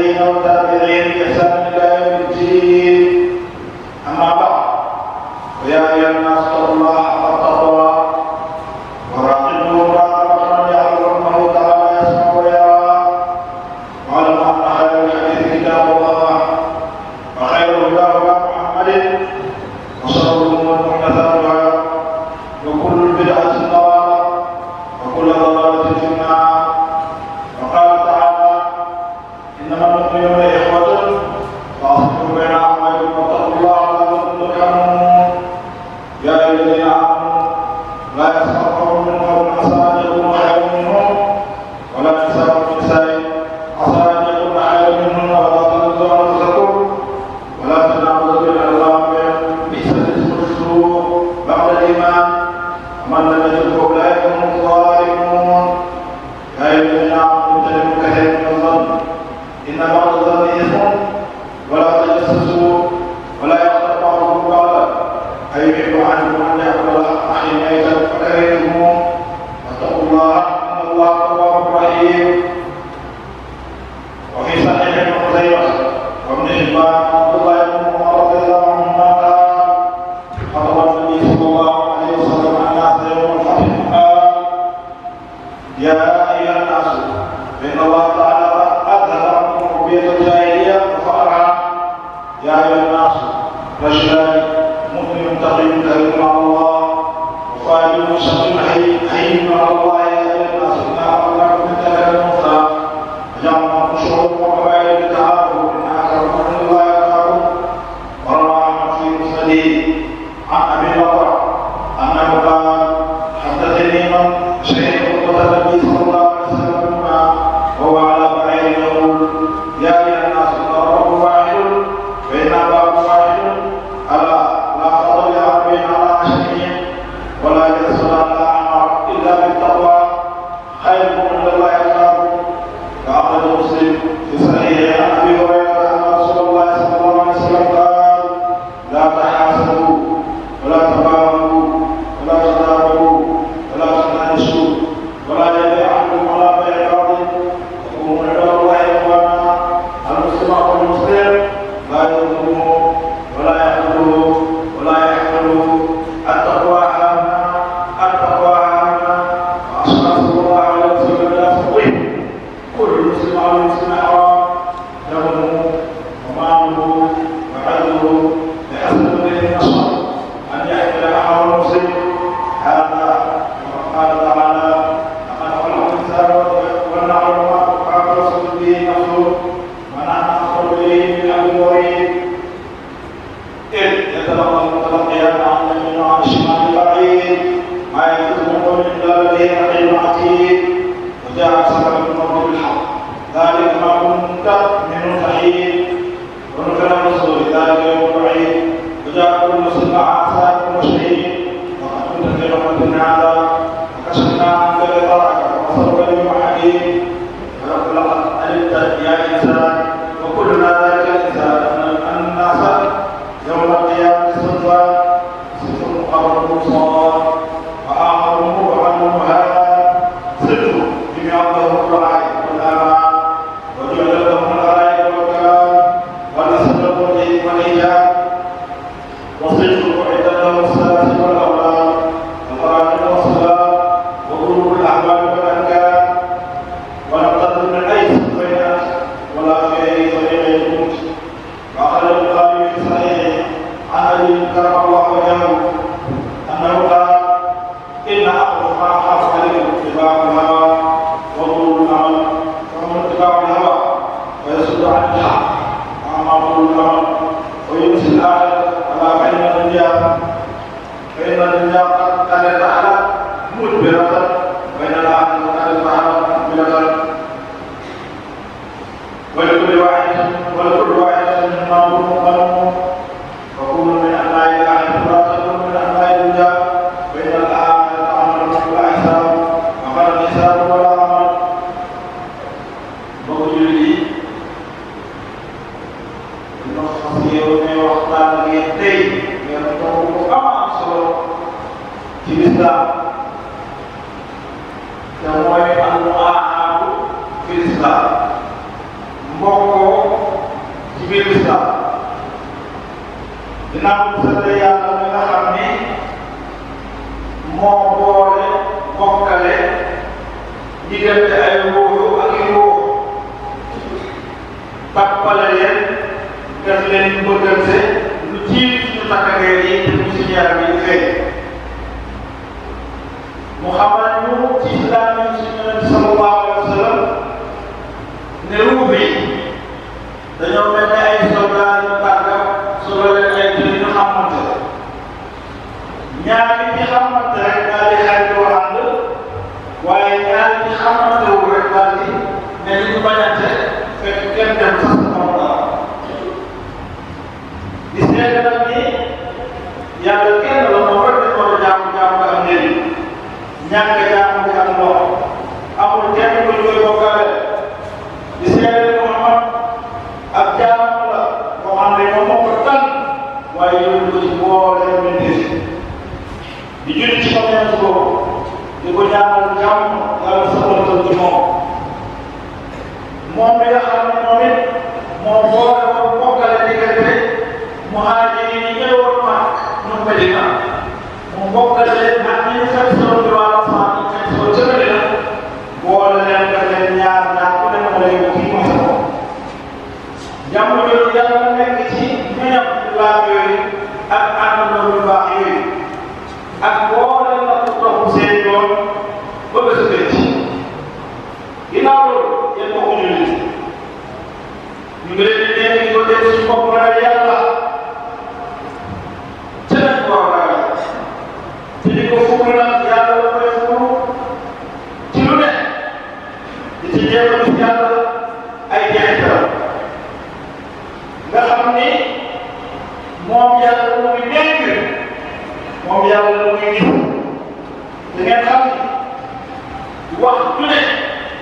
Amen. Amen. Father, ni waxta ak yeen tey ñen ko ko am solo ci bisla da moy al aabu fi bisla mboko ci bi bisla dina ko sante yalla def leen ñu modernisé lu jiit suñu takkandeer yi te ñu suñu yaram yi feeñ mu xamal ñu ci islam yi suñu nabi sallallahu alayhi wa sallam ne ruub yi dañoo mel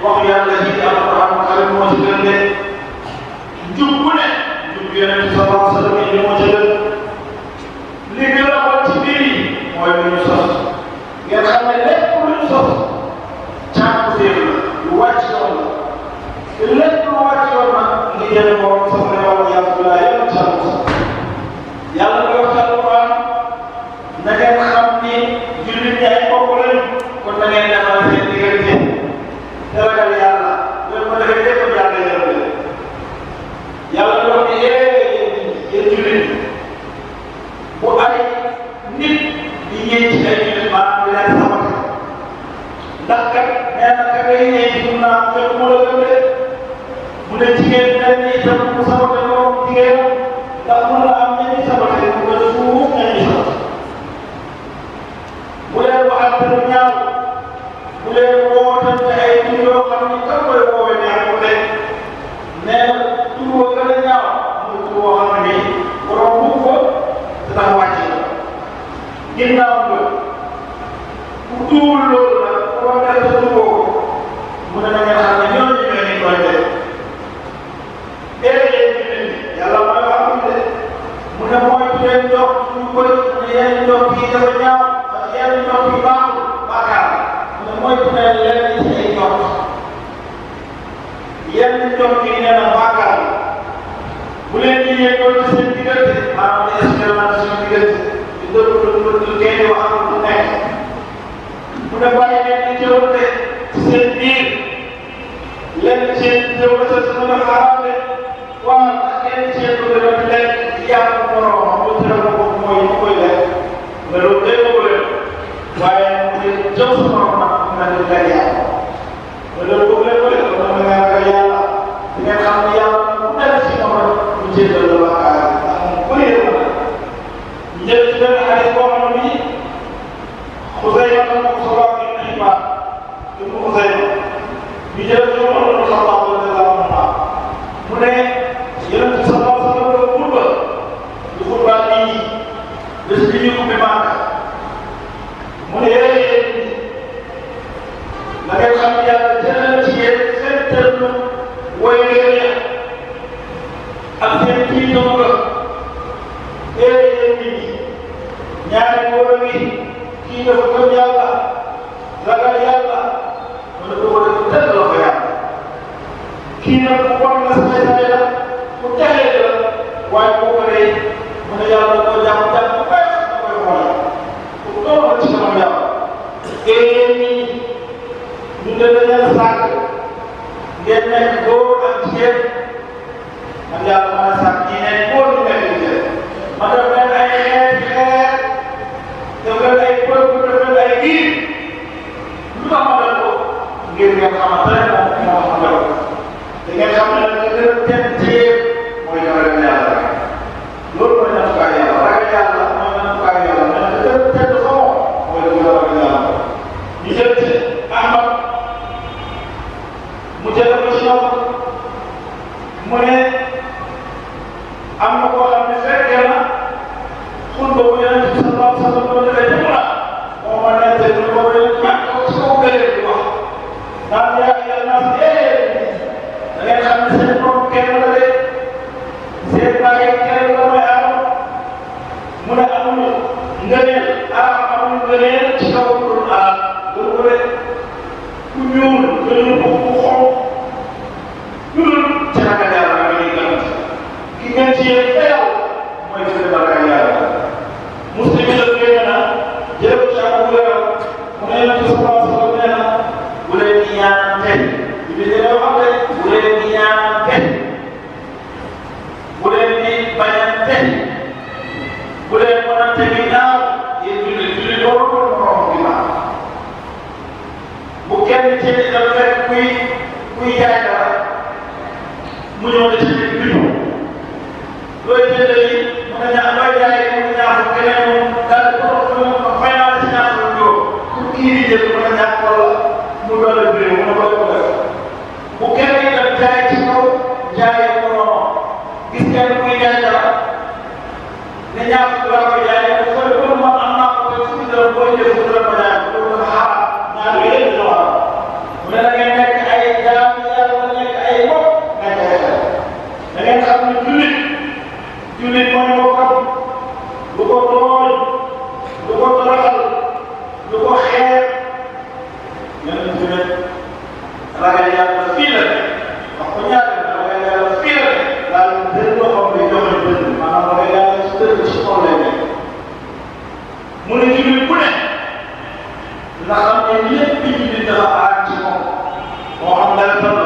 waxu yàlla ji di alquran karim moo si gën de jub bu ne jub yeneen sa nga bàyyi leen di jëwante seen biir leen seen jëwante su mën a xaar kita boleh kita ada mana sakti yang pun dengan kita. Mana mana yang kita dengan baik pun kita dengan baik ini. Lupa mana tu? Kita yang sama dengan Allah. Dengan sama dengan kita ngëneel arab ah, amul ngëneel ci kaw Alxuraan dañu ko def ku ñuul dañu ko ku xonq ku dul ci ragal yàlla nga ngay gàtt ki ngeen ci yéen mooy ci la ragal yàlla muslim la génn na jël ci ak wér mu ne la ci sama sama nee na bu leen di ñaan tey bi ñu leen wax bu leen di ñaan punya oleh sendiri itu. Dua itu dari makanya apa dia yang punya hukuman dan perlu apa yang harus dia muda lebih mana boleh jaya cipu, jaya puno. Kita mungkin dia tak. Nenya berapa jaya? Kalau pun mak anak pun sudah boleh berapa jaya? Kalau tak, nak beli berapa? Mereka yang jullit ko tooñ lu ko toroxal lu ko xeeb yeneen bi nag ragal yàlla fii la wax ko ñaar ragal yàlla fii la daal dëgg loo xam ne joxe dëgg maanaam ragal yàlla si dëgg si xol lay mu ne jullit bu ne na xam ne lépp jullit dafa aar ci moom moo xam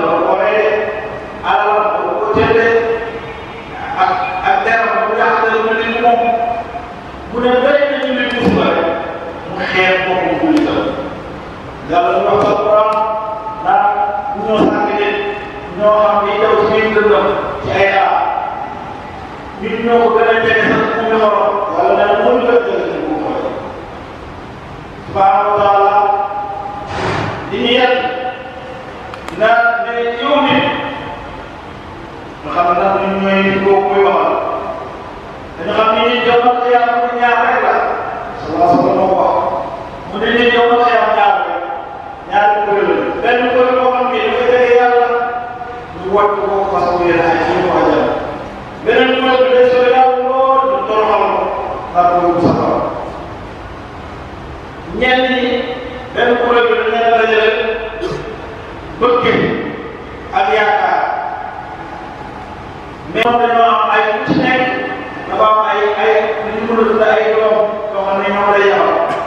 jalan nak buat perang punya sakit punya ambil dia usmin dulu saya punya kena satu punya kalau nak pun juga jadi satu punya sebab Allah ini yang nak jadi unik Kerana dan kami ini jawab yang menyampaikan salah satu nama. Mungkin ini jawab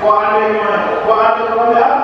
waaw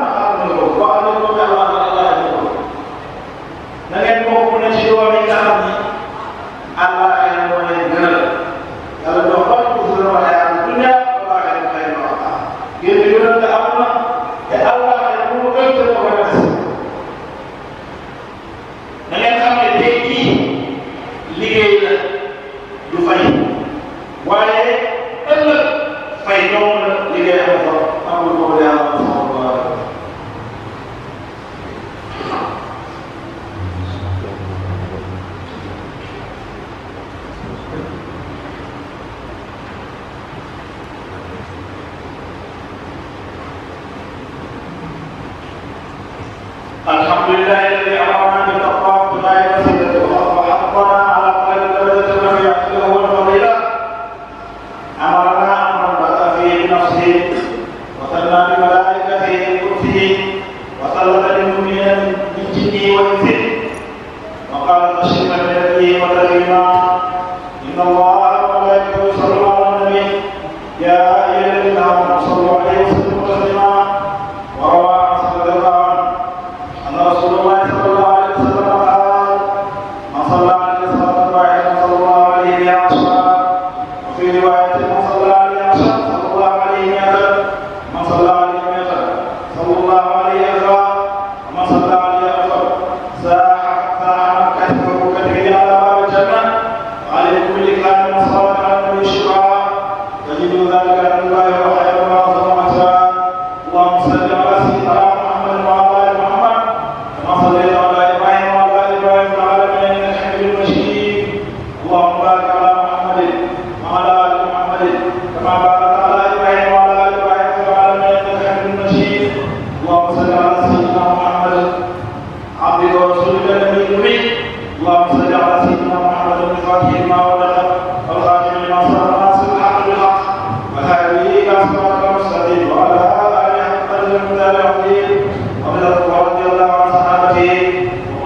今は